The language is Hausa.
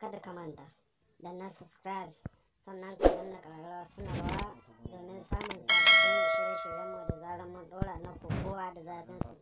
kada ka manta da na subscribe sannan ka danna rawa sanarwa domin samun sabbin shirye-shiryenmu da zarar mun ɗora na kokowa da zafin su